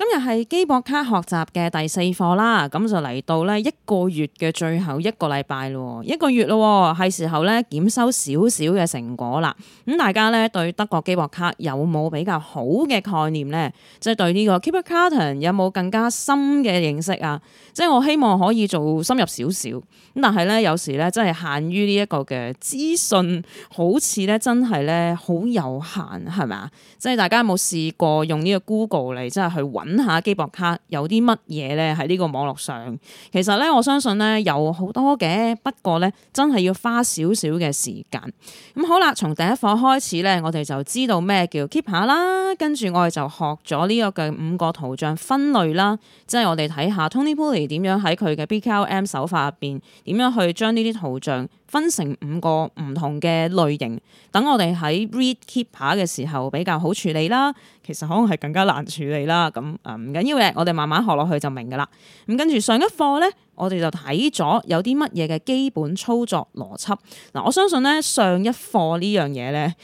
今日係基博卡學習嘅第四課啦，咁就嚟到咧一個月嘅最後一個禮拜咯，一個月咯、喔，係時候呢，檢收少少嘅成果啦。咁、嗯、大家呢，對德國基博卡有冇比較好嘅概念呢？即、就、係、是、對呢個 Keeper Carton 有冇更加深嘅認識啊？即、就、係、是、我希望可以做深入少少。咁但係呢，有時呢，真係限於呢一個嘅資訊，好似呢，真係呢，好有限，係咪啊？即、就、係、是、大家有冇試過用呢個 Google 嚟真係去揾？揾下基博卡有啲乜嘢咧？喺呢個網絡上，其實咧我相信咧有好多嘅，不過咧真係要花少少嘅時間。咁、嗯、好啦，從第一課開始咧，我哋就知道咩叫 keep 下啦。跟住我哋就學咗呢個嘅五個圖像分類啦，即係我哋睇下 Tony Pooley 點樣喺佢嘅 BKLM 手法入邊，點樣去將呢啲圖像。分成五個唔同嘅類型，等我哋喺 read keep 下、er、嘅時候比較好處理啦。其實可能係更加難處理啦。咁誒唔緊要嘅，我哋慢慢學落去就明㗎喇。咁跟住上一課咧，我哋就睇咗有啲乜嘢嘅基本操作邏輯。嗱、啊，我相信咧上一課呢樣嘢咧，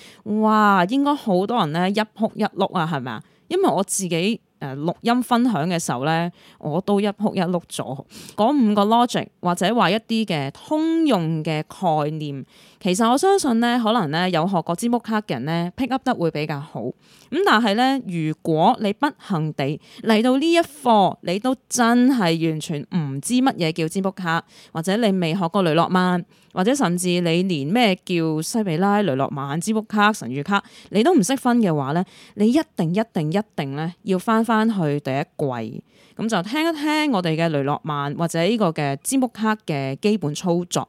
哇，應該好多人咧一哭一碌啊，係咪啊？因為我自己。誒錄音分享嘅時候咧，我都一撲一碌咗嗰五個 logic 或者話一啲嘅通用嘅概念。其實我相信咧，可能咧有學過占卜卡嘅人咧，pick up 得會比較好。咁但係咧，如果你不幸地嚟到呢一課，你都真係完全唔知乜嘢叫占卜卡，或者你未學過雷諾曼，或者甚至你連咩叫西比拉、雷諾曼、占卜卡、神諭卡，你都唔識分嘅話咧，你一定一定一定咧要翻翻去第一季，咁就聽一聽我哋嘅雷諾曼或者呢個嘅占卜卡嘅基本操作。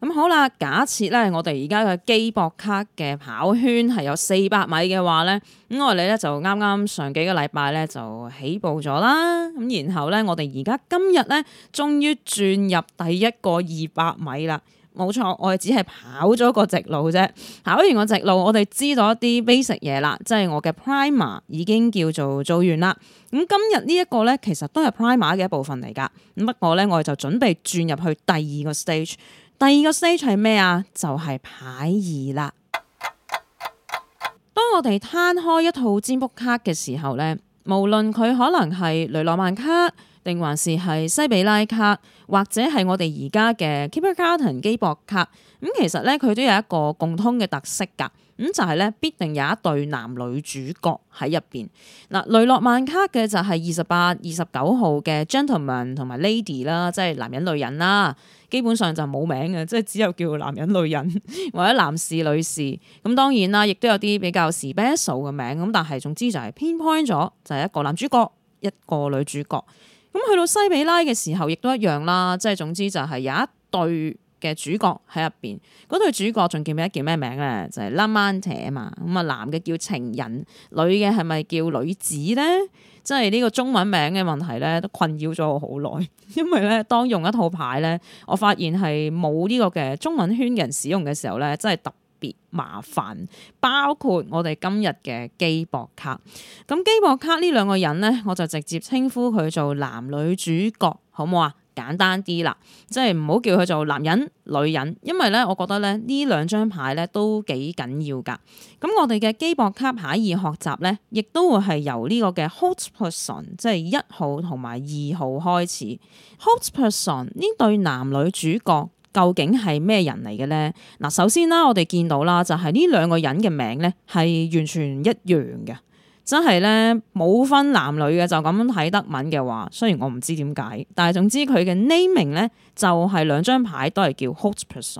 咁、嗯、好啦，假設咧，我哋而家嘅基博卡嘅跑圈係有四百米嘅話咧，咁我哋咧就啱啱上幾個禮拜咧就起步咗啦。咁然後咧，我哋而家今日咧，終於轉入第一個二百米啦。冇錯，我哋只係跑咗個直路啫。跑完個直路，我哋知道一啲 basic 嘢啦，即係我嘅 primer 已經叫做做完啦。咁今日呢一個咧，其實都係 primer 嘅一部分嚟㗎。不過咧，我哋就準備轉入去第二個 stage。第二個 stage 係咩啊？就係、是、牌二啦。當我哋攤開一套占卜卡嘅時候咧，無論佢可能係雷諾曼卡，定還是係西比拉卡，或者係我哋而家嘅 Kipper Carton 機博卡，咁、嗯、其實咧佢都有一個共通嘅特色㗎。咁、嗯、就係、是、咧，必定有一對男女主角喺入邊。嗱、嗯，雷諾曼卡嘅就係二十八、二十九號嘅 gentleman 同埋 lady 啦，即係男人女人啦。基本上就冇名嘅，即係只有叫男人、女人或者男士、女士。咁當然啦，亦都有啲比較 special 嘅名。咁但係總之就係 pinpoint 咗，就係一個男主角，一個女主角。咁去到西比拉嘅時候，亦都一樣啦。即係總之就係有一對嘅主角喺入邊，嗰對主角仲記唔記得叫咩名咧？就係 Lamante 啊嘛，咁啊男嘅叫情人，女嘅係咪叫女子咧？即係呢個中文名嘅問題咧，都困擾咗我好耐。因為咧，當用一套牌咧，我發現係冇呢個嘅中文圈人使用嘅時候咧，真係特別麻煩。包括我哋今日嘅基博卡，咁基博卡呢兩個人咧，我就直接稱呼佢做男女主角，好唔好啊？簡單啲啦，即係唔好叫佢做男人、女人，因為咧，我覺得咧呢兩張牌咧都幾緊要㗎。咁我哋嘅基博卡牌二學習咧，亦都會係由呢個嘅 Hot Person，即係一號同埋二號開始。Hot Person 呢對男女主角究竟係咩人嚟嘅咧？嗱，首先啦，我哋見到啦，就係呢兩個人嘅名咧係完全一樣嘅。真係咧，冇分男女嘅，就咁睇德文嘅話，雖然我唔知點解，但係總之佢嘅 naming 咧就係兩張牌都係叫 hot person。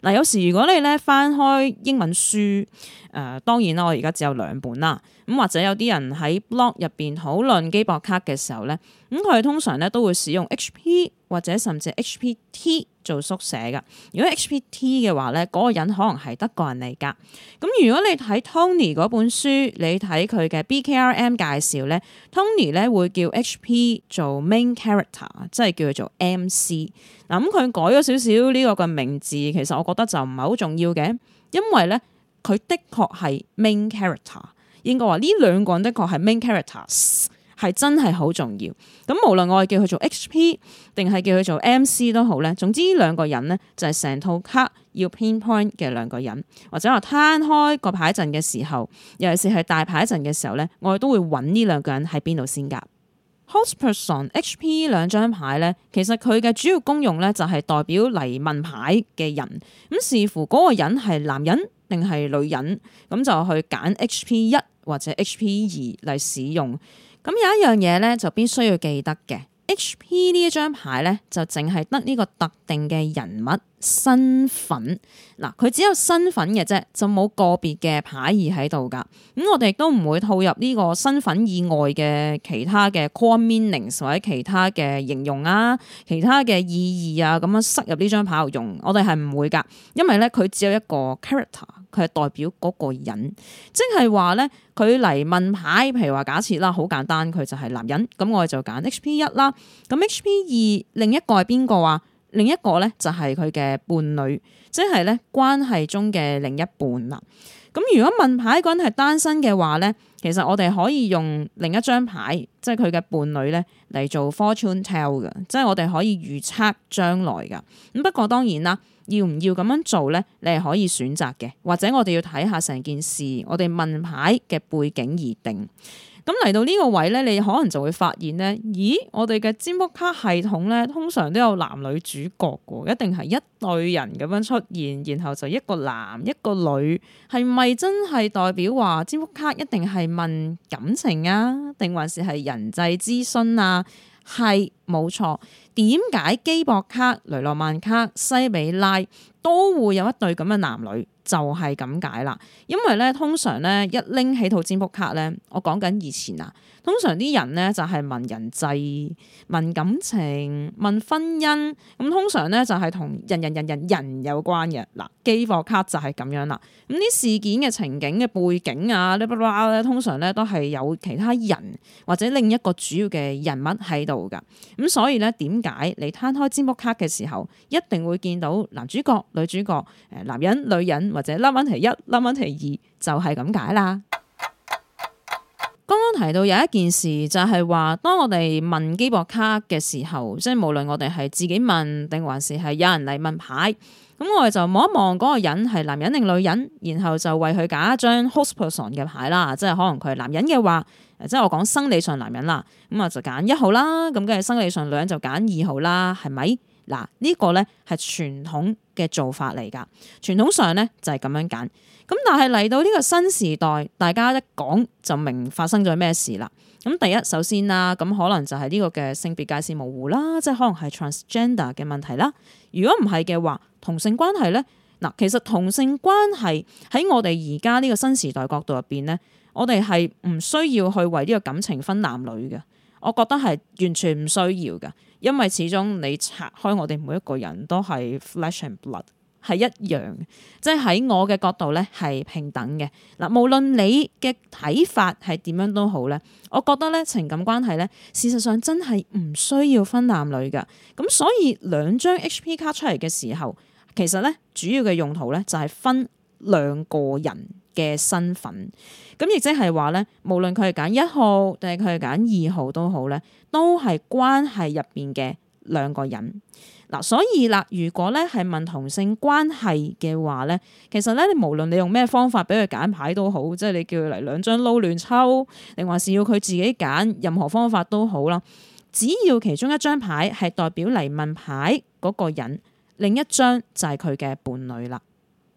嗱、呃，有時如果你咧翻開英文書，誒、呃、當然啦，我而家只有兩本啦。咁或者有啲人喺 blog 入邊討論機博卡嘅時候咧，咁佢通常咧都會使用 H.P 或者甚至 H.P.T 做縮寫噶。如果 H.P.T 嘅話咧，嗰個人可能係德國人嚟噶。咁如果你睇 Tony 嗰本書，你睇佢嘅 B.K.R.M 介紹咧，Tony 咧會叫 H.P 做 Main Character，即係叫佢做 M.C。嗱咁佢改咗少少呢個嘅名字，其實我覺得就唔係好重要嘅，因為咧佢的確係 Main Character。應該話呢兩個人的確係 main characters，係真係好重要。咁無論我係叫佢做 HP 定係叫佢做 MC 都好咧。總之兩個人咧就係成套卡要 pinpoint 嘅兩個人，或者我攤開個牌陣嘅時候，尤其是係大牌陣嘅時候咧，我哋都會揾呢兩個人喺邊度先㗎。House Person H P 兩張牌咧，其實佢嘅主要功用咧就係代表嚟問牌嘅人。咁視乎嗰個人係男人定係女人，咁就去揀 H P 一或者 H P 二嚟使用。咁有一樣嘢咧就必須要記得嘅，H P 呢一張牌咧就淨係得呢個特定嘅人物。身份嗱，佢只有身份嘅啫，就冇個別嘅牌兒喺度噶。咁我哋亦都唔會套入呢個身份以外嘅其他嘅 core meanings 或者其他嘅形容啊，其他嘅意義啊，咁樣塞入呢張牌度用。我哋係唔會噶，因為咧佢只有一個 character，佢係代表嗰個人。即係話咧，佢嚟問牌，譬如話假設啦，好簡單，佢就係男人，咁我哋就揀 HP 一啦。咁 HP 二另一個係邊個啊？另一個咧就係佢嘅伴侶，即係咧關係中嘅另一半啦。咁如果問牌個人係單身嘅話咧，其實我哋可以用另一張牌，即係佢嘅伴侶咧嚟做 fortune tell 嘅，即係我哋可以預測將來噶。咁不過當然啦，要唔要咁樣做咧，你係可以選擇嘅，或者我哋要睇下成件事，我哋問牌嘅背景而定。咁嚟到呢個位咧，你可能就會發現咧，咦？我哋嘅占卜卡系統咧，通常都有男女主角噶，一定係一對人咁樣出現，然後就一個男一個女，係咪真係代表話占卜卡一定係問感情啊？定還是係人際諮詢啊？係冇錯。點解基博卡、雷諾曼卡、西比拉？都會有一對咁嘅男女，就係咁解啦。因為咧，通常咧一拎起一套占卜卡咧，我講緊以前啊，通常啲人咧就係、是、問人際、問感情、問婚姻，咁通常咧就係、是、同人人人人人有關嘅。嗱，基貨卡就係咁樣啦。咁啲事件嘅情景嘅背景啊，咧通常咧都係有其他人或者另一個主要嘅人物喺度噶。咁所以咧，點解你攤開占卜卡嘅時候，一定會見到男主角？女主角，誒，男人、女人或者 number 其一、number 其二就係咁解啦。剛剛提到有一件事就係話，當我哋問基博卡嘅時候，即係無論我哋係自己問定還是係有人嚟問牌，咁我哋就望一望嗰個人係男人定女人，然後就為佢揀一張 host person 嘅牌啦，即係可能佢係男人嘅話，即係我講生理上男人啦，咁啊就揀一號啦，咁跟住生理上女人就揀二號啦，係咪？嗱，呢個咧係傳統嘅做法嚟㗎。傳統上咧就係咁樣揀。咁但係嚟到呢個新時代，大家一講就明發生咗咩事啦。咁第一首先啦，咁可能就係呢個嘅性別界線模糊啦，即係可能係 transgender 嘅問題啦。如果唔係嘅話，同性關係咧，嗱，其實同性關係喺我哋而家呢個新時代角度入邊咧，我哋係唔需要去為呢個感情分男女嘅。我覺得係完全唔需要嘅，因為始終你拆開我哋每一個人都係 flesh and blood，係一樣，即係喺我嘅角度咧係平等嘅。嗱，無論你嘅睇法係點樣都好咧，我覺得咧情感關係咧，事實上真係唔需要分男女噶。咁所以兩張 HP 卡出嚟嘅時候，其實咧主要嘅用途咧就係、是、分兩個人。嘅身份，咁亦即係話咧，無論佢係揀一號定係佢係揀二號都好咧，都係關係入邊嘅兩個人。嗱，所以啦，如果咧係問同性關係嘅話咧，其實咧你無論你用咩方法俾佢揀牌都好，即係你叫佢嚟兩張撈亂抽，定還是要佢自己揀，任何方法都好啦。只要其中一張牌係代表嚟問牌嗰個人，另一張就係佢嘅伴侶啦。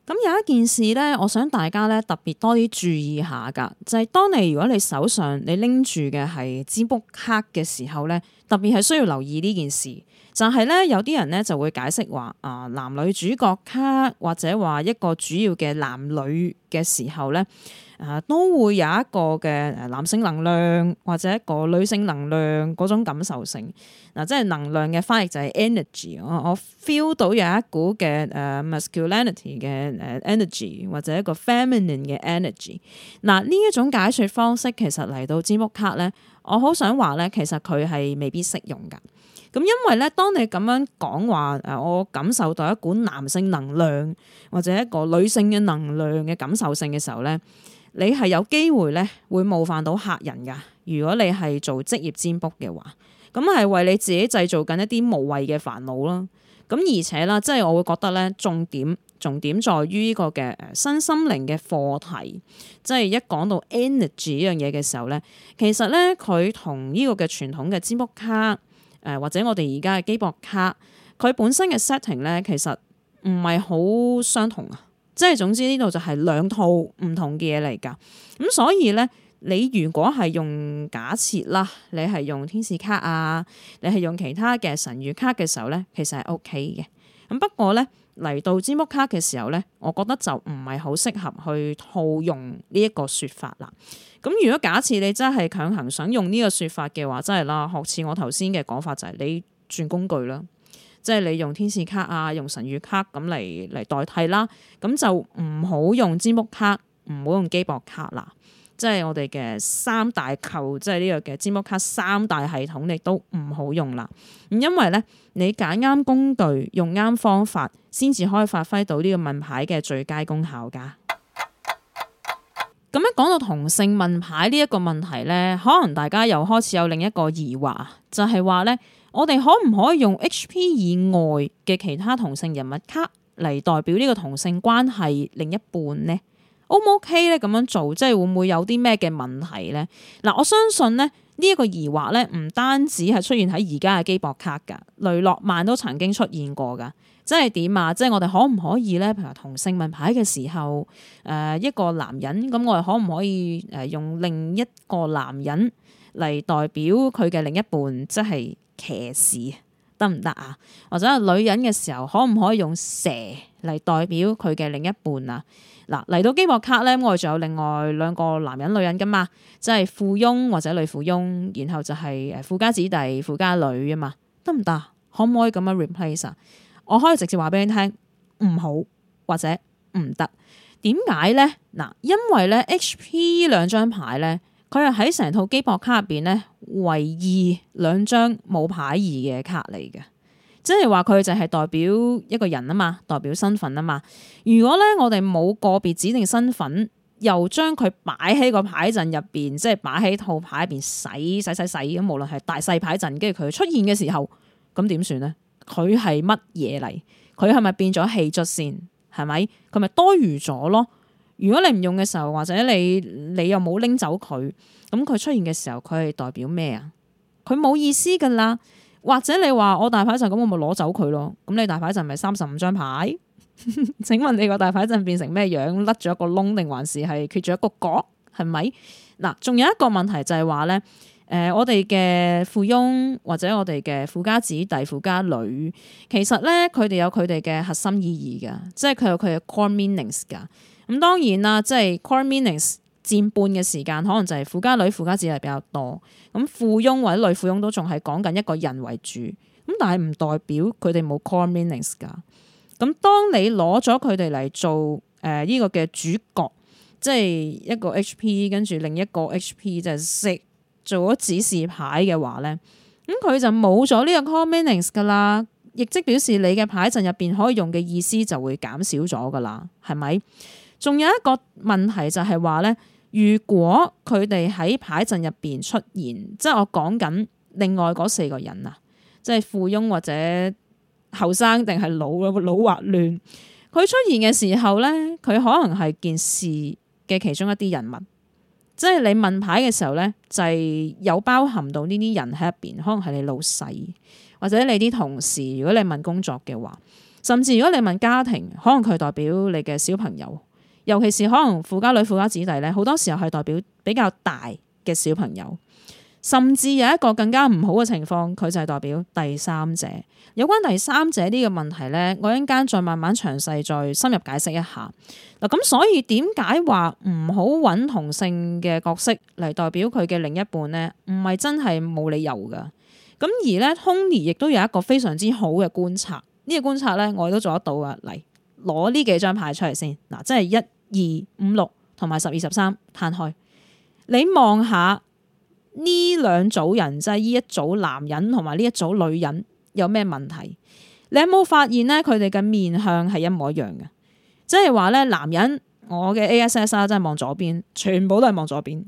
咁有一件事咧，我想大家咧特別多啲注意下㗎，就係、是、當你如果你手上你拎住嘅係占卜卡嘅時候咧，特別係需要留意呢件事。就係咧，有啲人咧就會解釋話，啊，男女主角卡或者話一個主要嘅男女嘅時候咧，啊，都會有一個嘅男性能量或者一個女性能量嗰種感受性嗱，即係能量嘅翻譯就係 energy，我我 feel 到有一股嘅誒 masculinity 嘅誒 energy 或者一個 feminine 嘅 energy。嗱呢一種解説方式其實嚟到占卜卡咧，我好想話咧，其實佢係未必適用㗎。咁，因為咧，當你咁樣講話誒，我感受到一股男性能量或者一個女性嘅能量嘅感受性嘅時候咧，你係有機會咧會冒犯到客人噶。如果你係做職業占卜嘅話，咁係為你自己製造緊一啲無謂嘅煩惱囉。咁而且啦，即係我會覺得咧，重點重點在於呢個嘅誒新心靈嘅課題，即係一講到 energy 呢樣嘢嘅時候咧，其實咧佢同呢個嘅傳統嘅占卜卡。誒或者我哋而家嘅機博卡，佢本身嘅 setting 咧，其實唔係好相同啊！即係總之呢度就係兩套唔同嘅嘢嚟㗎。咁所以咧，你如果係用假設啦，你係用天使卡啊，你係用其他嘅神諭卡嘅時候咧，其實係 OK 嘅。咁不過咧。嚟到支木卡嘅時候呢，我覺得就唔係好適合去套用呢一個說法啦。咁如果假設你真係強行想用呢個說法嘅話，真係啦，學似我頭先嘅講法就係你轉工具啦，即係你用天使卡啊，用神語卡咁嚟嚟代替啦，咁就唔好用支木卡，唔好用機博卡啦。即係我哋嘅三大扣，即係呢個嘅占卜卡，三大系統，亦都唔好用啦。因為咧，你揀啱工具，用啱方法，先至可以發揮到呢個問牌嘅最佳功效噶。咁樣講到同性問牌呢一個問題咧，可能大家又開始有另一個疑惑，就係話咧，我哋可唔可以用 HP 以外嘅其他同性人物卡嚟代表呢個同性關係另一半咧？O 唔 OK 咧？咁樣做即係會唔會有啲咩嘅問題咧？嗱，我相信咧，呢一個疑惑咧，唔單止係出現喺而家嘅基博卡噶雷諾曼都曾經出現過噶。即係點啊？即係我哋可唔可以咧？譬如同性問牌嘅時候，誒、呃，一個男人咁，我哋可唔可以誒用另一個男人嚟代表佢嘅另一半？即係騎士，得唔得啊？或者女人嘅時候，可唔可以用蛇嚟代表佢嘅另一半啊？嗱，嚟到機博卡咧，我哋仲有另外兩個男人女人嘅嘛，即係富翁或者女富翁，然後就係誒富家子弟、富家女啊嘛，得唔得？可唔可以咁樣 replace 啊？我可以直接話俾你聽，唔好或者唔得。點解咧？嗱，因為咧 HP 兩張牌咧，佢係喺成套機博卡入邊咧唯二兩張冇牌義嘅卡嚟嘅。即係話佢就係代表一個人啊嘛，代表身份啊嘛。如果咧我哋冇個別指定身份，又將佢擺喺個牌陣入邊，即係擺喺套牌入邊洗洗洗洗。咁，無論係大細牌陣，跟住佢出現嘅時候，咁點算呢？佢係乜嘢嚟？佢係咪變咗棄卒先？係咪佢咪多餘咗咯？如果你唔用嘅時候，或者你你又冇拎走佢，咁佢出現嘅時候，佢係代表咩啊？佢冇意思噶啦。或者你話我大牌陣咁，我咪攞走佢咯？咁你大牌陣咪三十五張牌？ 請問你個大牌陣變成咩樣？甩咗一個窿，定還是係缺咗一個角？係咪？嗱，仲有一個問題就係話咧，誒、呃，我哋嘅富翁或者我哋嘅富家子弟、富家女，其實咧佢哋有佢哋嘅核心意義噶，即係佢有佢嘅 core meanings 噶。咁當然啦，即係 core meanings。佔半嘅時間，可能就係富家女、富家子係比較多。咁富翁或者女富翁都仲係講緊一個人為主，咁但係唔代表佢哋冇 core meanings 㗎。咁當你攞咗佢哋嚟做誒呢、呃這個嘅主角，即係一個 HP 跟住另一個 HP 就係識做咗指示牌嘅話咧，咁、嗯、佢就冇咗呢個 core meanings 㗎啦。亦即表示你嘅牌陣入邊可以用嘅意思就會減少咗㗎啦，係咪？仲有一個問題就係話咧。如果佢哋喺牌陣入邊出現，即係我講緊另外嗰四個人啊，即係富翁或者後生，定係老嘅老滑亂，佢出現嘅時候呢，佢可能係件事嘅其中一啲人物，即係你問牌嘅時候呢，就係有包含到呢啲人喺入邊，可能係你老細或者你啲同事，如果你問工作嘅話，甚至如果你問家庭，可能佢代表你嘅小朋友。尤其是可能富家女、富家子弟咧，好多時候係代表比較大嘅小朋友，甚至有一個更加唔好嘅情況，佢就係代表第三者。有關第三者呢個問題咧，我一陣間再慢慢詳細再深入解釋一下。嗱，咁所以點解話唔好揾同性嘅角色嚟代表佢嘅另一半咧？唔係真係冇理由㗎。咁而咧，Tony 亦都有一個非常之好嘅觀察，呢、呢個觀察咧，我亦都做得到啊！嚟。攞呢幾張牌出嚟先，嗱，即係一二五六同埋十二十三攤開，你望下呢兩組人，即係呢一組男人同埋呢一組女人有咩問題？你有冇發現咧？佢哋嘅面向係一模一樣嘅，即係話咧男人，我嘅 A S S R，真係望左邊，全部都係望左邊；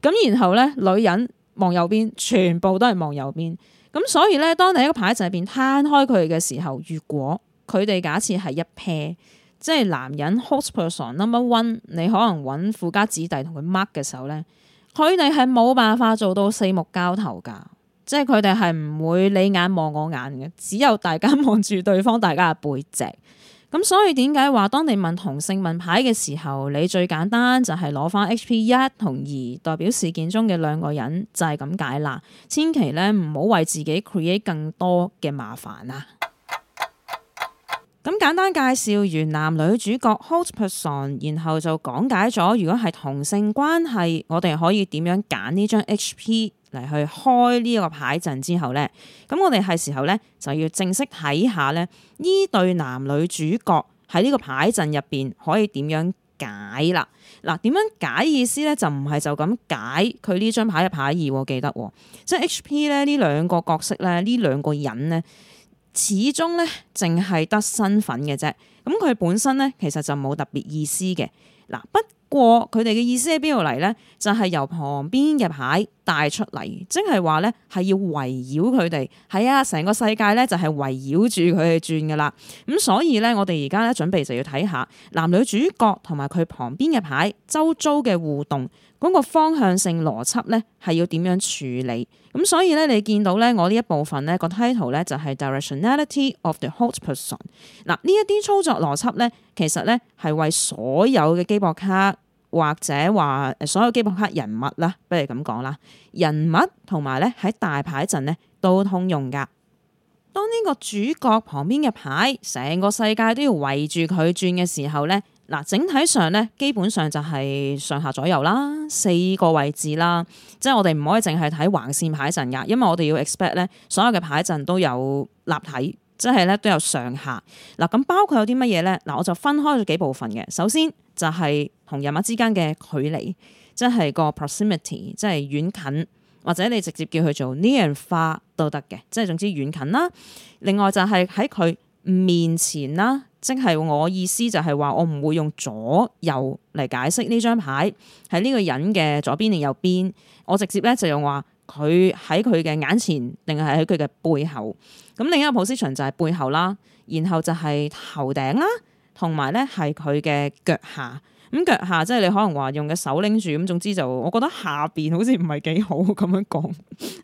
咁然後咧女人望右邊，全部都係望右邊。咁所以咧，當你一個牌陣入邊攤開佢嘅時候，如果佢哋假設係一 pair，即係男人 husband number one，你可能揾富家子弟同佢 mark 嘅時候呢，佢哋係冇辦法做到四目交投噶，即係佢哋係唔會你眼望我眼嘅，只有大家望住對方大家嘅背脊。咁所以點解話當你問同性問牌嘅時候，你最簡單就係攞翻 HP 一同二代表事件中嘅兩個人，就係、是、咁解啦。千祈呢，唔好為自己 create 更多嘅麻煩啊！咁簡單介紹完男女主角 hot person，然後就講解咗如果係同性關係，我哋可以點樣揀呢張 H P 嚟去開呢一個牌陣之後呢。咁我哋係時候呢，就要正式睇下咧，呢對男女主角喺呢個牌陣入邊可以點樣解啦。嗱、啊，點樣解意思呢？就唔係就咁解佢呢張牌嘅牌意，記得、哦、即係 H P 咧，呢兩個角色呢，呢兩個人呢。始終咧，淨係得身份嘅啫，咁佢本身咧，其實就冇特別意思嘅。嗱，不過佢哋嘅意思喺邊度嚟咧？就係由旁邊嘅牌。帶出嚟，即係話咧，係要圍繞佢哋，係啊，成個世界咧就係圍繞住佢去轉㗎喇。咁所以咧，我哋而家咧準備就要睇下男女主角同埋佢旁邊嘅牌周遭嘅互動嗰、那個方向性邏輯咧，係要點樣處理？咁所以咧，你見到咧，我呢一部分咧個 title 咧就係、是、Directionality of the Hot Person。嗱，呢一啲操作邏輯咧，其實咧係為所有嘅機博卡。或者話，所有基本黑人物啦，不如咁講啦，人物同埋咧喺大牌陣咧都通用㗎。當呢個主角旁邊嘅牌，成個世界都要圍住佢轉嘅時候咧，嗱，整體上咧基本上就係上下左右啦，四個位置啦，即係我哋唔可以淨係睇橫線牌陣㗎，因為我哋要 expect 咧，所有嘅牌陣都有立體，即係咧都有上下。嗱，咁包括有啲乜嘢咧？嗱，我就分開咗幾部分嘅，首先。就係同人物之間嘅距離，即係個 proximity，即係遠近，或者你直接叫佢做 near and far 都得嘅，即係總之遠近啦。另外就係喺佢面前啦，即係我意思就係話我唔會用左右嚟解釋呢張牌喺呢個人嘅左邊定右邊，我直接咧就用話佢喺佢嘅眼前，定係喺佢嘅背後。咁另一個 position 就係背後啦，然後就係頭頂啦。同埋咧，係佢嘅腳下，咁腳下即係你可能話用嘅手拎住，咁總之就我覺得下邊好似唔係幾好咁樣講，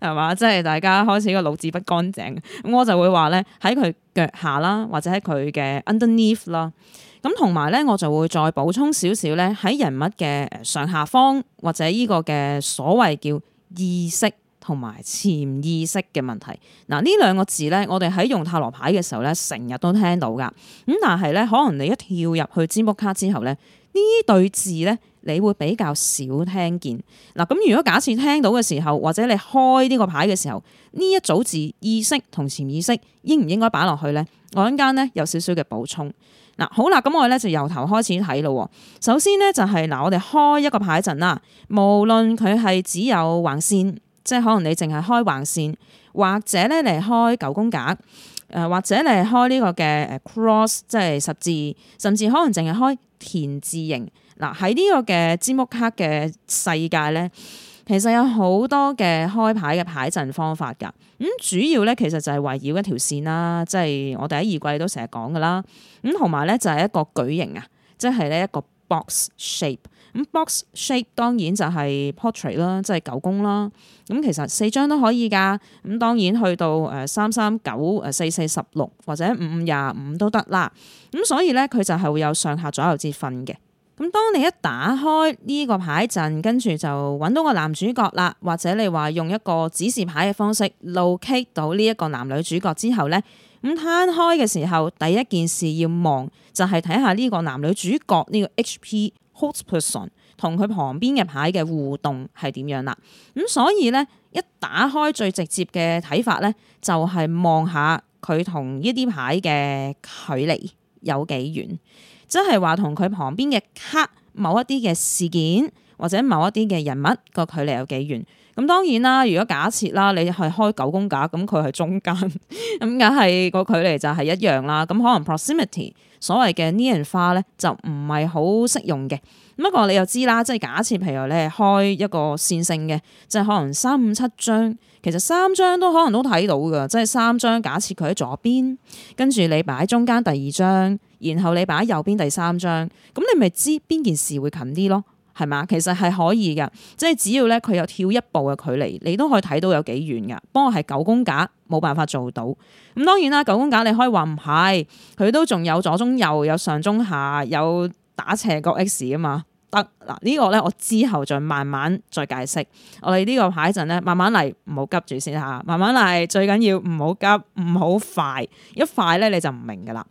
係 嘛？即係大家開始個腦子不乾淨，咁我就會話咧喺佢腳下啦，或者喺佢嘅 underneath 啦，咁同埋咧我就會再補充少少咧喺人物嘅上下方或者依個嘅所謂叫意識同埋潛意識嘅問題嗱，呢兩個字咧，我哋喺用塔羅牌嘅時候咧，成日都聽到噶咁，但係咧，可能你一跳入去占卜卡之後咧，呢對字咧，你會比較少聽見嗱。咁如果假設聽到嘅時候，或者你開呢個牌嘅時候，呢一組字意識同潛意識應唔應該擺落去呢？我陣間咧有少少嘅補充嗱。好啦，咁我咧就由頭開始睇咯喎。首先咧就係、是、嗱，我哋開一個牌陣啦，無論佢係只有橫線。即係可能你淨係開橫線，或者咧嚟開九宮格，誒或者你嚟開呢個嘅誒 cross，即係十字，甚至可能淨係開田字形。嗱喺呢個嘅 j a 卡嘅世界咧，其實有好多嘅開牌嘅牌陣方法㗎。咁主要咧其實就係圍繞一條線啦，即係我哋喺《二季都成日講㗎啦。咁同埋咧就係一個矩形啊，即係咧一個。box shape，咁 box shape 當然就係 portrait 啦，即係九宮啦。咁其實四張都可以噶。咁當然去到誒三三九誒四四十六或者五五廿五都得啦。咁所以咧，佢就係會有上下左右之分嘅。咁當你一打開呢個牌陣，跟住就搵到個男主角啦，或者你話用一個指示牌嘅方式 locate 到呢一個男女主角之後咧。咁攤開嘅時候，第一件事要望就係睇下呢個男女主角呢個 HP Hot Person 同佢旁邊嘅牌嘅互動係點樣啦。咁、嗯、所以咧，一打開最直接嘅睇法咧，就係望下佢同呢啲牌嘅距離有幾遠，即係話同佢旁邊嘅卡某一啲嘅事件或者某一啲嘅人物個距離有幾遠。咁當然啦，如果假設啦，你係開九宮格，咁佢係中間，咁梗係個距離就係一樣啦。咁可能 proximity，所謂嘅 nearness 咧，就唔係好適用嘅。咁不過你又知啦，即係假設譬如你係開一個線性嘅，即係可能三五七張，其實三張都可能都睇到㗎。即係三張假設佢喺左邊，跟住你擺喺中間第二張，然後你擺喺右邊第三張，咁你咪知邊件事會近啲咯？係嘛？其實係可以嘅，即係只要咧佢有跳一步嘅距離，你都可以睇到有幾遠噶。不過係九宮格冇辦法做到。咁當然啦，九宮格你可以話唔係，佢都仲有左中右，有上中下，有打斜角 X 啊嘛。得，嗱呢個咧，我之後再慢慢再解釋。我哋呢個牌陣咧，慢慢嚟，唔好急住先吓，慢慢嚟。最緊要唔好急，唔好快，一快咧你就唔明噶啦。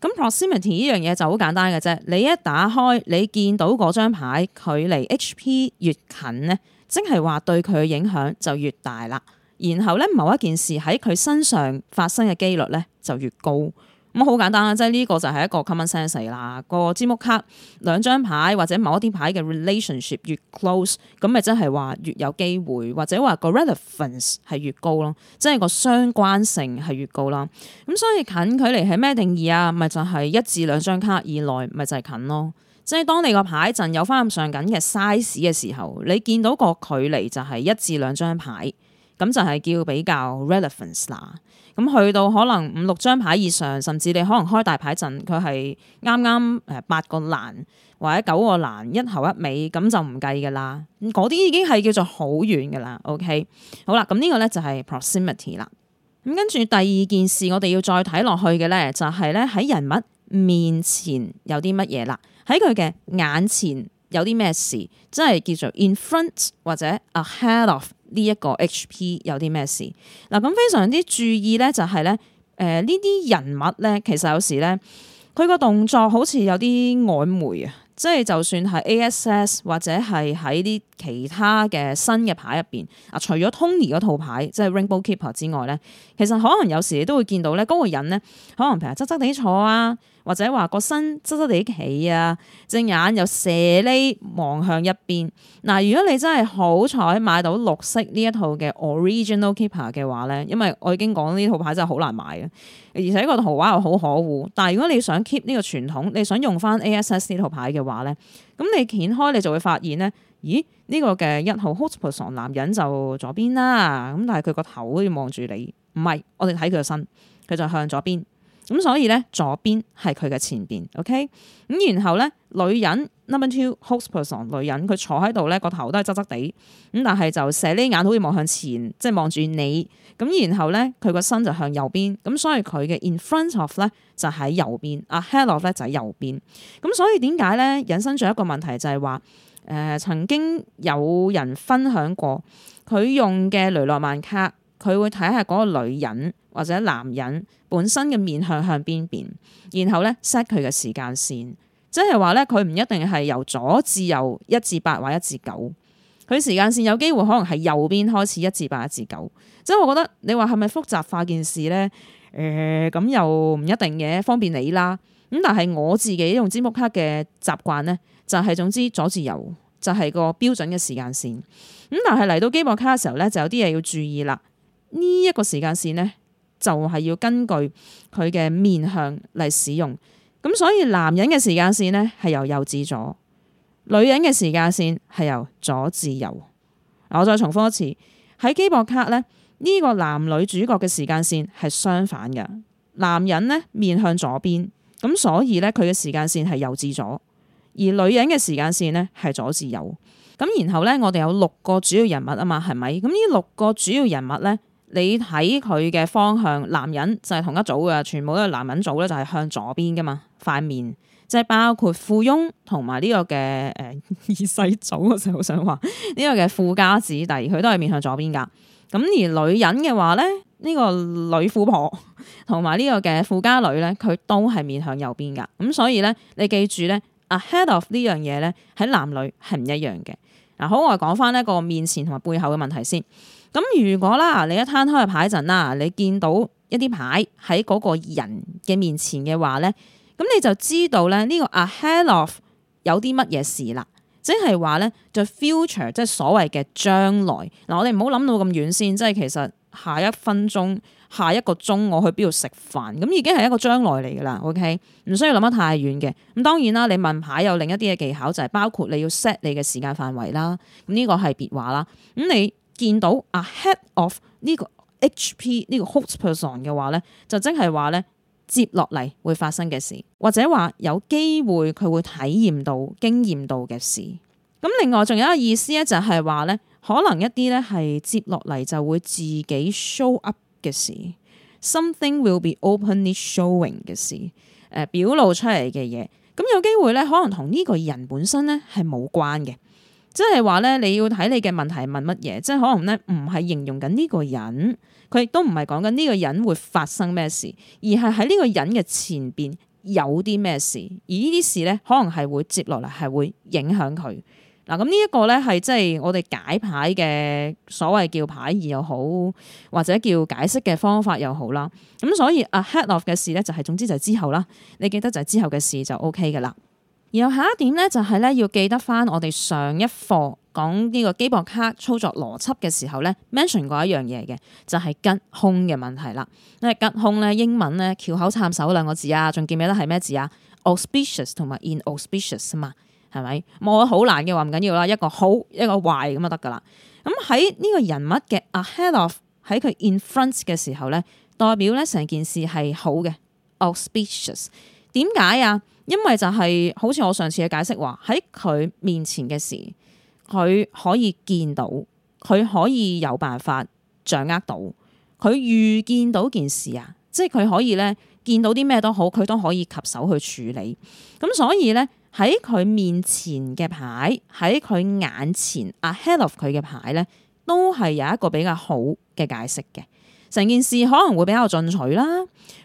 咁 proximity 呢樣嘢就好簡單嘅啫，你一打開，你見到嗰張牌，距離 HP 越近咧，即係話對佢嘅影響就越大啦。然後咧，某一件事喺佢身上發生嘅幾率咧就越高。咁好、嗯、簡單啊，即係呢個就係一個 common sense 啦。個節目卡兩張牌或者某一啲牌嘅 relationship 越 close，咁咪真係話越有機會，或者話個 relevance 係越高咯，即係個相關性係越高咯。咁所以近距離係咩定義啊？咪就係、是、一至兩張卡以內，咪就係近咯。即係當你個牌陣有翻咁上緊嘅 size 嘅時候，你見到個距離就係一至兩張牌。咁就係叫比較 relevance 啦。咁去到可能五六張牌以上，甚至你可能開大牌陣，佢係啱啱誒八個欄或者九個欄一頭一尾，咁就唔計噶啦。嗰啲已經係叫做好遠噶啦。OK，好啦，咁呢個咧就係 proximity 啦。咁跟住第二件事，我哋要再睇落去嘅咧，就係咧喺人物面前有啲乜嘢啦？喺佢嘅眼前有啲咩事？即係叫做 in front 或者 ahead of。呢一個 HP 有啲咩事？嗱，咁非常之注意咧，就係咧，誒呢啲人物咧，其實有時咧，佢個動作好似有啲曖昧啊！即係就算係 ASS 或者係喺啲其他嘅新嘅牌入邊啊，除咗 Tony 嗰套牌即係 Rainbow Keeper 之外咧，其實可能有時你都會見到咧，嗰個人咧，可能平日側側地坐啊。或者話個身側側地企啊，隻眼又射呢望向一邊。嗱，如果你真係好彩買到綠色呢一套嘅 original keeper 嘅話咧，因為我已經講呢套牌真係好難買嘅，而且個圖畫又好可惡。但係如果你想 keep 呢個傳統，你想用翻 ass 呢套牌嘅話咧，咁你掀開你就會發現咧，咦？呢個嘅一號 hospital 男人就左邊啦，咁但係佢個頭好似望住你，唔係，我哋睇佢個身，佢就向左邊。咁所以咧，左邊係佢嘅前邊，OK。咁然後咧，女人 number two host person，女人佢坐喺度咧，個頭都係側側地。咁但係就斜呢眼，好似望向前，即係望住你。咁然後咧，佢個身就向右邊。咁所以佢嘅 in front of 咧就喺右邊，啊 head of 咧就喺右邊。咁、嗯、所以點解咧？引申咗一個問題就係話，誒、呃、曾經有人分享過，佢用嘅雷諾曼卡，佢會睇下嗰個女人。或者男人本身嘅面向向邊邊，然後咧 set 佢嘅時間線，即係話咧，佢唔一定係由左至右一至八或一至九，佢時間線有機會可能係右邊開始一至八一至九，即係我覺得你話係咪複雜化件事咧？誒、呃，咁又唔一定嘅，方便你啦。咁但係我自己用金木卡嘅習慣咧，就係、是、總之左至右就係、是、個標準嘅時間線。咁但係嚟到金木卡嘅時候咧，就有啲嘢要注意啦。呢、這、一個時間線咧，就係要根據佢嘅面向嚟使用，咁所以男人嘅時間線呢係由右至左，女人嘅時間線係由左至右。我再重複一次，喺基博卡呢，呢、呢個男女主角嘅時間線係相反嘅，男人呢，面向左邊，咁所以呢，佢嘅時間線係右至左，而女人嘅時間線呢係左至右。咁然後呢，我哋有六個主要人物啊嘛，係咪？咁呢六個主要人物呢？你睇佢嘅方向，男人就係同一組嘅，全部都係男人組咧，就係向左邊噶嘛，塊面即係包括富翁同埋呢個嘅誒、欸、二世祖，我就好想話呢個嘅富家子弟，佢都係面向左邊噶。咁而女人嘅話咧，呢、這個女富婆同埋呢個嘅富家女咧，佢都係面向右邊噶。咁所以咧，你記住咧，Ahead of 呢樣嘢咧，喺男女係唔一樣嘅。嗱，好，我哋講翻呢個面前同埋背後嘅問題先。咁如果啦，你一攤開個牌陣啦，你見到一啲牌喺嗰個人嘅面前嘅話咧，咁你就知道咧呢個 ahead of 有啲乜嘢事啦，即係話咧就 future，即係所謂嘅將來嗱。我哋唔好諗到咁遠先，即係其實下一分鐘、下一個鐘我去邊度食飯，咁已經係一個將來嚟㗎喇。OK，唔需要諗得太遠嘅。咁當然啦，你問牌有另一啲嘅技巧，就係、是、包括你要 set 你嘅時間範圍啦。咁呢個係別話啦，咁你見到 ahead of 呢個 HP 呢個 host person 嘅話呢，就即係話呢，接落嚟會發生嘅事，或者話有機會佢會體驗到、經驗到嘅事。咁另外仲有一個意思咧，就係話呢，可能一啲呢係接落嚟就會自己 show up 嘅事，something will be openly showing 嘅事，誒、呃、表露出嚟嘅嘢。咁、嗯、有機會呢，可能同呢個人本身呢係冇關嘅。即係話咧，你要睇你嘅問題問乜嘢，即係可能咧唔係形容緊呢個人，佢亦都唔係講緊呢個人會發生咩事，而係喺呢個人嘅前邊有啲咩事，而呢啲事咧可能係會接落嚟係會影響佢。嗱，咁呢一個咧係即係我哋解牌嘅所謂叫牌意又好，或者叫解釋嘅方法又好啦。咁所以 ahead of 嘅事咧就係、是、總之就係之後啦，你記得就係之後嘅事就 OK 噶啦。然後下一點咧，就係、是、咧要記得翻我哋上一課講呢個機博卡操作邏輯嘅時候咧，mention 過一樣嘢嘅，就係吉凶嘅問題啦。因為吉凶咧，英文咧，翹口插手兩個字啊，仲記唔記得係咩字啊？auspicious 同埋 inauspicious 啊嘛，係咪？冇咗好難嘅話唔緊要啦，一個好一個壞咁就得噶啦。咁喺呢個人物嘅 ahead of 喺佢 in front 嘅時候咧，代表咧成件事係好嘅 auspicious。點解啊？因為就係好似我上次嘅解釋話，喺佢面前嘅事，佢可以見到，佢可以有辦法掌握到，佢遇見到件事啊，即係佢可以咧見到啲咩都好，佢都可以及手去處理。咁所以咧喺佢面前嘅牌，喺佢眼前 ahead of 佢嘅牌咧，都係有一個比較好嘅解釋嘅。成件事可能會比較進取啦，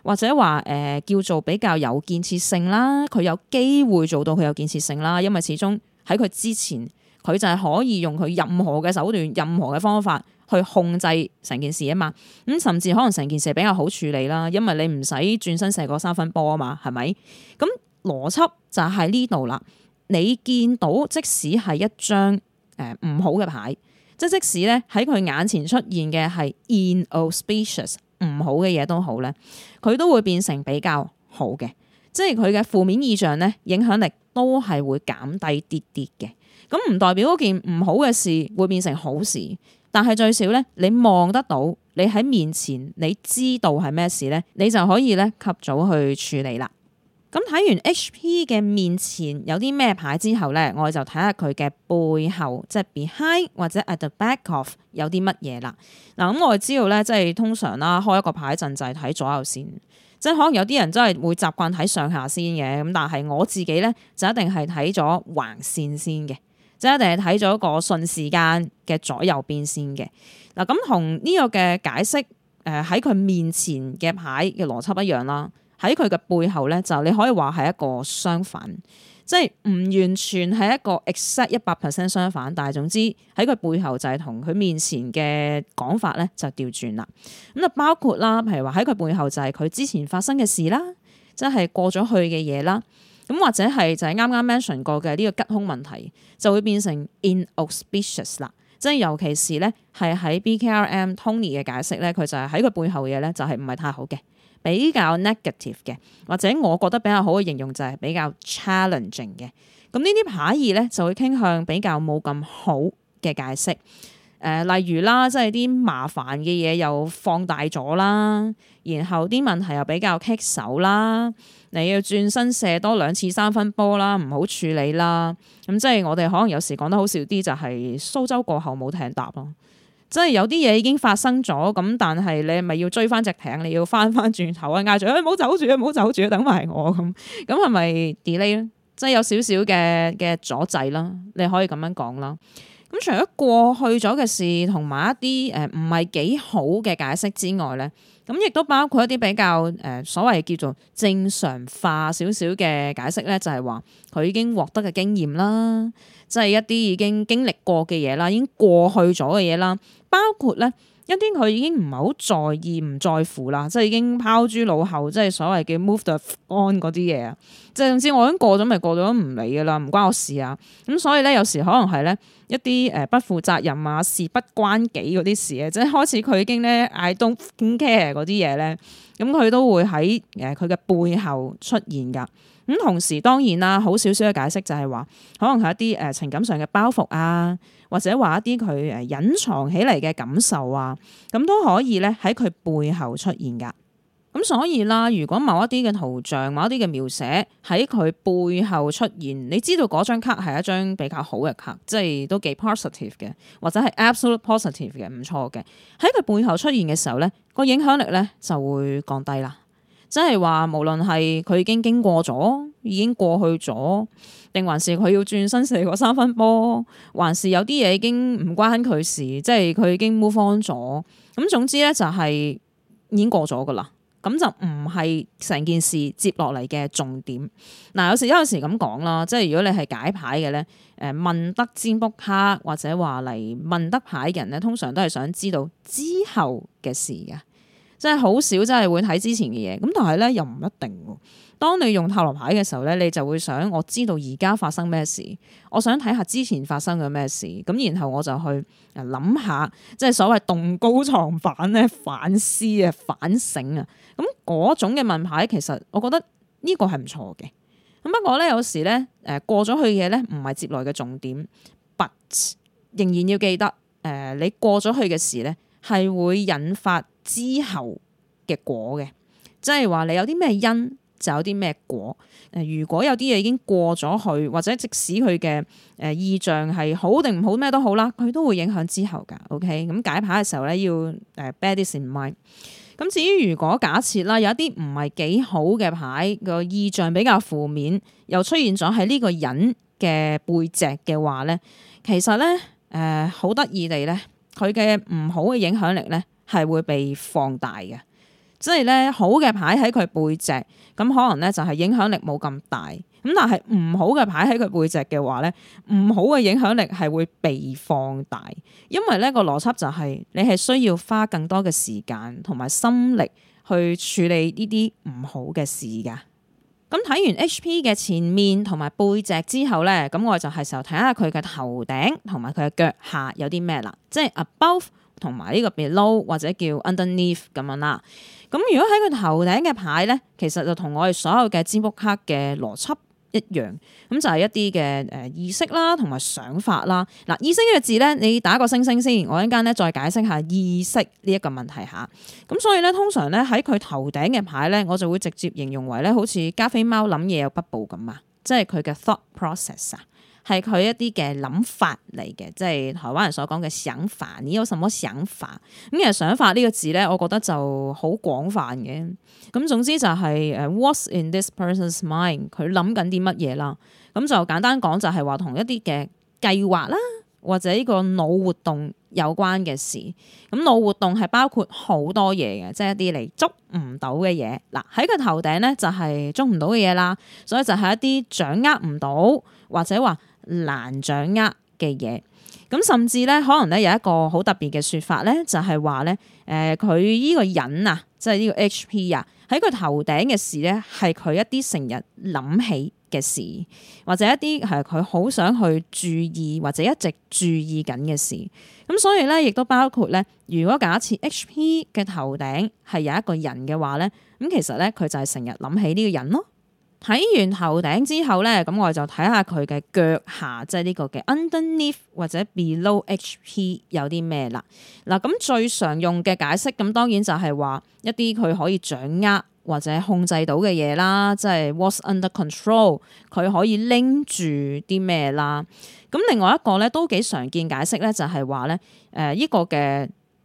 或者話誒、呃、叫做比較有建設性啦。佢有機會做到佢有建設性啦，因為始終喺佢之前，佢就係可以用佢任何嘅手段、任何嘅方法去控制成件事啊嘛。咁甚至可能成件事係比較好處理啦，因為你唔使轉身射個三分波啊嘛，係咪？咁邏輯就係呢度啦。你見到即使係一張誒唔好嘅牌。即即使咧喺佢眼前出現嘅係 inauspicious 唔好嘅嘢都好咧，佢都會變成比較好嘅，即係佢嘅負面意象咧影響力都係會減低啲啲嘅。咁唔代表嗰件唔好嘅事會變成好事，但係最少咧你望得到，你喺面前你知道係咩事咧，你就可以咧及早去處理啦。咁睇完 H.P. 嘅面前有啲咩牌之後咧，我哋就睇下佢嘅背後，即係 behind 或者 at the back of 有啲乜嘢啦。嗱、嗯，咁我哋知道咧，即係通常啦，開一個牌陣就係睇左右線，即係可能有啲人真係會習慣睇上下線嘅。咁但係我自己咧就一定係睇咗橫線先嘅，即係一定係睇咗個順時間嘅左右邊先嘅。嗱、嗯，咁同呢個嘅解釋誒喺佢面前嘅牌嘅邏輯一樣啦。喺佢嘅背後咧，就你可以話係一個相反，即係唔完全係一個 exact 一百 percent 相反，但係總之喺佢背後就係同佢面前嘅講法咧就調轉啦。咁就包括啦，譬如話喺佢背後就係佢之前發生嘅事啦，即係過咗去嘅嘢啦。咁或者係就係啱啱 mention 過嘅呢個吉凶問題，就會變成 inauspicious 啦。即係尤其是咧，係喺 BKRM Tony 嘅解釋咧，佢就係喺佢背後嘅嘢咧，就係唔係太好嘅。比較 negative 嘅，或者我覺得比較好嘅形容就係比較 challenging 嘅。咁呢啲牌義咧就會傾向比較冇咁好嘅解釋。誒、呃，例如啦，即係啲麻煩嘅嘢又放大咗啦，然後啲問題又比較棘手啦。你要轉身射多兩次三分波啦，唔好處理啦。咁即係我哋可能有時講得好笑啲，就係、是、蘇州過後冇艇搭咯。即係有啲嘢已經發生咗，咁但係你咪要追翻隻艇，你要翻翻轉頭啊！嗌住，唔好走住，唔好走住，等埋我咁，咁係咪 delay 咧？即係有少少嘅嘅阻滯啦，你可以咁樣講啦。咁除咗過去咗嘅事，同埋一啲誒唔係幾好嘅解釋之外咧，咁亦都包括一啲比較誒所謂叫做正常化少少嘅解釋咧，就係話佢已經獲得嘅經驗啦，即係一啲已經經歷過嘅嘢啦，已經過去咗嘅嘢啦，包括咧。一啲佢已經唔係好在意、唔在乎啦，即係已經拋諸腦後，即係所謂嘅 move the on 嗰啲嘢啊，甚至我已經過咗咪過咗，唔理噶啦，唔關我事啊。咁所以咧，有時可能係咧一啲誒不負責任啊、事不關己嗰啲事咧，即係開始佢已經咧 I don't care 嗰啲嘢咧，咁佢都會喺誒佢嘅背後出現㗎。咁同時當然啦，好少少嘅解釋就係話，可能係一啲誒、呃、情感上嘅包袱啊，或者話一啲佢誒隱藏起嚟嘅感受啊，咁都可以咧喺佢背後出現㗎。咁、嗯、所以啦，如果某一啲嘅圖像、某一啲嘅描寫喺佢背後出現，你知道嗰張卡係一張比較好嘅卡，即係都幾 positive 嘅，或者係 absolute positive 嘅，唔錯嘅，喺佢背後出現嘅時候咧，個影響力咧就會降低啦。即係話，無論係佢已經經過咗，已經過去咗，定還是佢要轉身射個三分波，還是有啲嘢已經唔關佢事，即係佢已經 move on 咗。咁總之咧，就係已經過咗噶啦。咁就唔係成件事接落嚟嘅重點。嗱、呃，有時有時咁講啦，即係如果你係解牌嘅咧，誒問得占卜卡或者話嚟問得牌嘅人咧，通常都係想知道之後嘅事嘅。即係好少，真係會睇之前嘅嘢。咁但係咧，又唔一定。當你用塔羅牌嘅時候咧，你就會想，我知道而家發生咩事，我想睇下之前發生咗咩事。咁然後我就去啊諗下，即係所謂動高藏反咧，反思啊，反省啊。咁嗰種嘅問牌，其實我覺得呢個係唔錯嘅。咁不過咧，有時咧，誒過咗去嘅嘢咧，唔係接來嘅重點。But 仍然要記得，誒、呃、你過咗去嘅事咧，係會引發。之後嘅果嘅，即係話你有啲咩因就有啲咩果。誒，如果有啲嘢已經過咗去，或者即使佢嘅誒意象係好定唔好咩都好啦，佢都會影響之後噶。OK，咁解牌嘅時候咧，要誒 bear this in mind。咁至於如果假設啦，有一啲唔係幾好嘅牌，個意象比較負面，又出現咗喺呢個人嘅背脊嘅話咧，其實咧誒、呃、好得意地咧，佢嘅唔好嘅影響力咧，係會被放大嘅，即係咧好嘅牌喺佢背脊，咁可能咧就係影響力冇咁大。咁但係唔好嘅牌喺佢背脊嘅話咧，唔好嘅影響力係會被放大，因為呢個邏輯就係、是、你係需要花更多嘅時間同埋心力去處理呢啲唔好嘅事㗎。咁睇、嗯、完 H.P. 嘅前面同埋背脊之後咧，咁我就係時候睇下佢嘅頭頂同埋佢嘅腳下有啲咩啦，即、就、係、是、above。同埋呢個 below 或者叫 underneath 咁樣啦，咁如果喺佢頭頂嘅牌咧，其實就同我哋所有嘅占卜卡嘅邏輯一樣，咁就係一啲嘅誒意識啦，同埋想法啦。嗱意識呢個字咧，你打個星星先，我一陣間咧再解釋下意識呢一個問題嚇。咁所以咧，通常咧喺佢頭頂嘅牌咧，我就會直接形容為咧，好似加菲貓諗嘢有不報咁啊，即係佢嘅 thought process 啊。係佢一啲嘅諗法嚟嘅，即係台灣人所講嘅想法。你有什麼想法？咁其實想法呢個字咧，我覺得就好廣泛嘅。咁總之就係誒，what's in this person's mind？佢諗緊啲乜嘢啦？咁就簡單講就係話同一啲嘅計劃啦，或者呢個腦活動有關嘅事。咁腦活動係包括好多嘢嘅，即係一啲嚟捉唔到嘅嘢。嗱，喺佢頭頂咧就係捉唔到嘅嘢啦，所以就係一啲掌握唔到或者話，難掌握嘅嘢，咁甚至咧，可能咧有一個好特別嘅說法咧，就係話咧，誒、呃，佢呢個人啊，即係呢個 H.P. 啊，喺佢頭頂嘅事咧，係佢一啲成日諗起嘅事，或者一啲係佢好想去注意或者一直注意緊嘅事，咁所以咧，亦都包括咧，如果假設 H.P. 嘅頭頂係有一個人嘅話咧，咁其實咧，佢就係成日諗起呢個人咯。睇完頭頂之後咧，咁我哋就睇下佢嘅腳下，即係呢個嘅 underneath 或者 below HP 有啲咩啦。嗱，咁最常用嘅解釋，咁當然就係話一啲佢可以掌握或者控制到嘅嘢啦，即係 was under control，佢可以拎住啲咩啦。咁另外一個咧都幾常見解釋咧，就係話咧，誒呢個嘅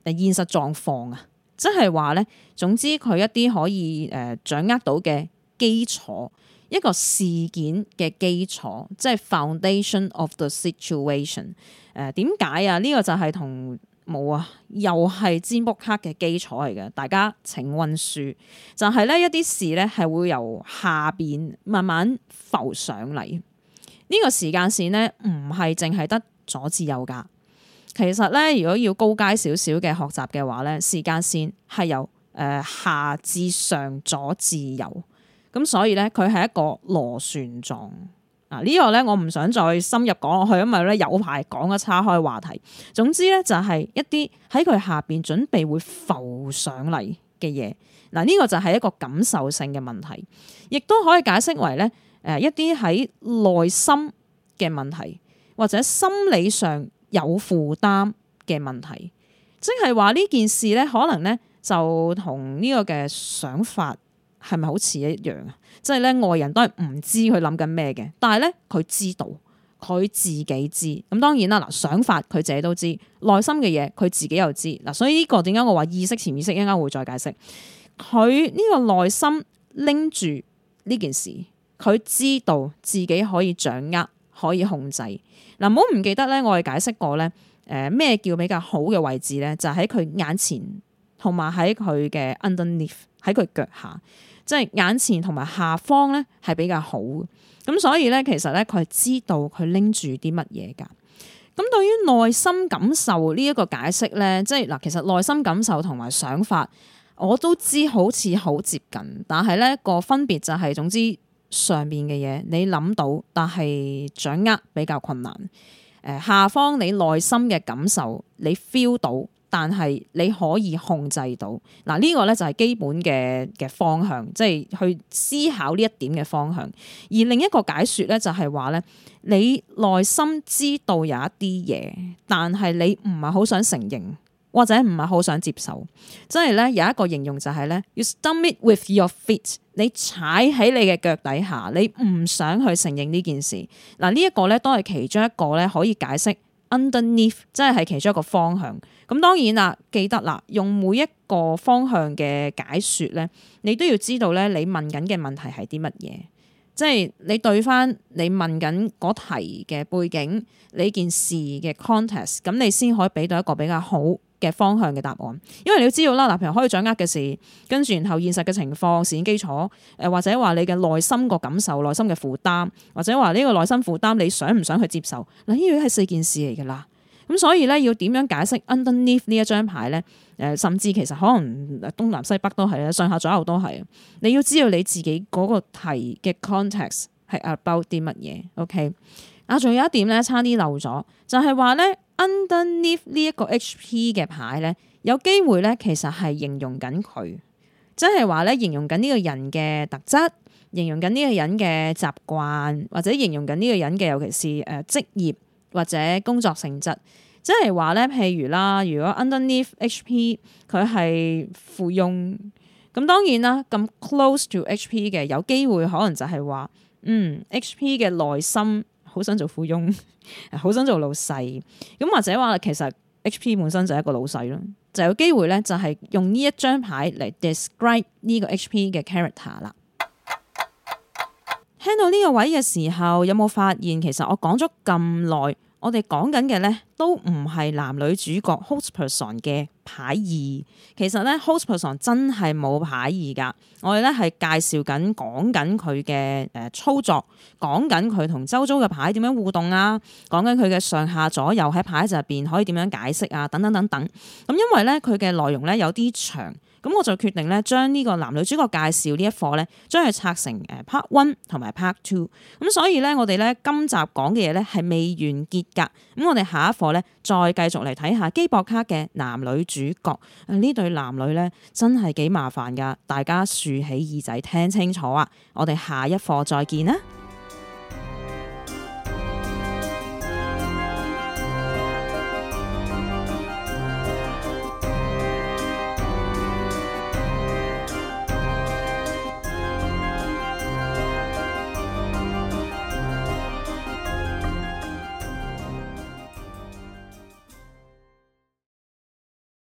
現實狀況啊，即係話咧，總之佢一啲可以誒掌握到嘅。基礎，一個事件嘅基礎，即係 foundation of the situation。誒點解啊？呢、這個就係同冇啊，又係占卜卡嘅基礎嚟嘅。大家請溫書，就係、是、呢一啲事呢，係會由下邊慢慢浮上嚟。呢、這個時間線呢，唔係淨係得左至右噶。其實呢，如果要高階少少嘅學習嘅話呢，時間線係由誒、呃、下至上左至右。咁所以咧，佢係一個螺旋狀啊！這個、呢個咧，我唔想再深入講落去，因為咧有排講咗叉開話題。總之咧，就係、是、一啲喺佢下邊準備會浮上嚟嘅嘢。嗱、啊，呢、這個就係一個感受性嘅問題，亦都可以解釋為咧，誒、呃、一啲喺內心嘅問題，或者心理上有負擔嘅問題，即係話呢件事咧，可能咧就同呢個嘅想法。係咪好似一樣啊？即係咧，外人都係唔知佢諗緊咩嘅，但係咧佢知道，佢自己知。咁當然啦，嗱想法佢自己都知，內心嘅嘢佢自己又知。嗱，所以呢個點解我話意識、潛意識，一陣間會,會再解釋。佢呢個內心拎住呢件事，佢知道自己可以掌握、可以控制。嗱，唔好唔記得咧，我哋解釋過咧，誒、呃、咩叫比較好嘅位置咧？就喺、是、佢眼前，同埋喺佢嘅 underneath，喺佢腳下。即係眼前同埋下方咧，係比較好，咁所以咧，其實咧，佢係知道佢拎住啲乜嘢㗎。咁對於內心感受呢一個解釋咧，即係嗱，其實內心感受同埋想法，我都知好似好接近，但係咧個分別就係、是、總之上邊嘅嘢你諗到，但係掌握比較困難。誒、呃，下方你內心嘅感受，你 feel 到。但係你可以控制到。嗱，呢個咧就係基本嘅嘅方向，即係去思考呢一點嘅方向。而另一個解說咧就係話咧，你內心知道有一啲嘢，但係你唔係好想承認或者唔係好想接受。即係咧有一個形容就係咧，you stamp it with your feet，你踩喺你嘅腳底下，你唔想去承認呢件事。嗱，呢一個咧都係其中一個咧可以解釋。Underneath 真係其中一個方向，咁當然啦，記得啦，用每一個方向嘅解說咧，你都要知道咧，你，你問緊嘅問題係啲乜嘢，即係你對翻你問緊嗰題嘅背景，你件事嘅 context，咁你先可以俾到一個比較好。嘅方向嘅答案，因為你要知道啦，嗱，譬如可以掌握嘅事，跟住然後現實嘅情況，事件基礎，誒，或者話你嘅內心個感受、內心嘅負擔，或者話呢個內心負擔你想唔想去接受，嗱，呢樣係四件事嚟噶啦。咁所以咧，要點樣解釋 underneath 呢一張牌咧？誒，甚至其實可能東南西北都係啦，上下左右都係，你要知道你自己嗰個題嘅 context 係 about 啲乜嘢。OK，啊，仲有一點咧，差啲漏咗，就係話咧。underneath 呢一個 HP 嘅牌咧，有機會咧，其實係形容緊佢，即係話咧，形容緊呢個人嘅特質，形容緊呢個人嘅習慣，或者形容緊呢個人嘅，尤其是誒、呃、職業或者工作性質，即係話咧，譬如啦，如果 underneath HP 佢係附庸，咁當然啦，咁 close to HP 嘅有機會可能就係話，嗯，HP 嘅內心。好想做富翁，好想做老細，咁或者話其實 H P 本身就係一個老細咯，就有機會咧就係用呢一張牌嚟 describe 呢個 H P 嘅 character 啦。聽到呢個位嘅時候，有冇發現其實我講咗咁耐，我哋講緊嘅咧？都唔係男女主角 host person 嘅牌意，其實咧 host person 真係冇牌意噶。我哋咧係介紹緊講緊佢嘅誒操作，講緊佢同周遭嘅牌點樣互動啊，講緊佢嘅上下左右喺牌集入邊可以點樣解釋啊，等等等等。咁因為咧佢嘅內容咧有啲長，咁我就決定咧將呢個男女主角介紹呢一課咧，將佢拆成誒 part one 同埋 part two。咁所以咧我哋咧今集講嘅嘢咧係未完結噶。咁我哋下一課。再繼續嚟睇下機博卡嘅男女主角。呢、啊、對男女呢，真係幾麻煩㗎。大家豎起耳仔聽清楚啊！我哋下一課再見啦。